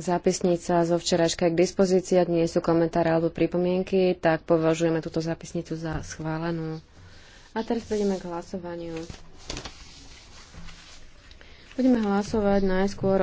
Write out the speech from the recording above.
zápisnica zo včerajška je k dispozícii, ak nie sú komentáre alebo pripomienky, tak považujeme túto zápisnicu za schválenú. A teraz prejdeme k hlasovaniu. Budeme hlasovať najskôr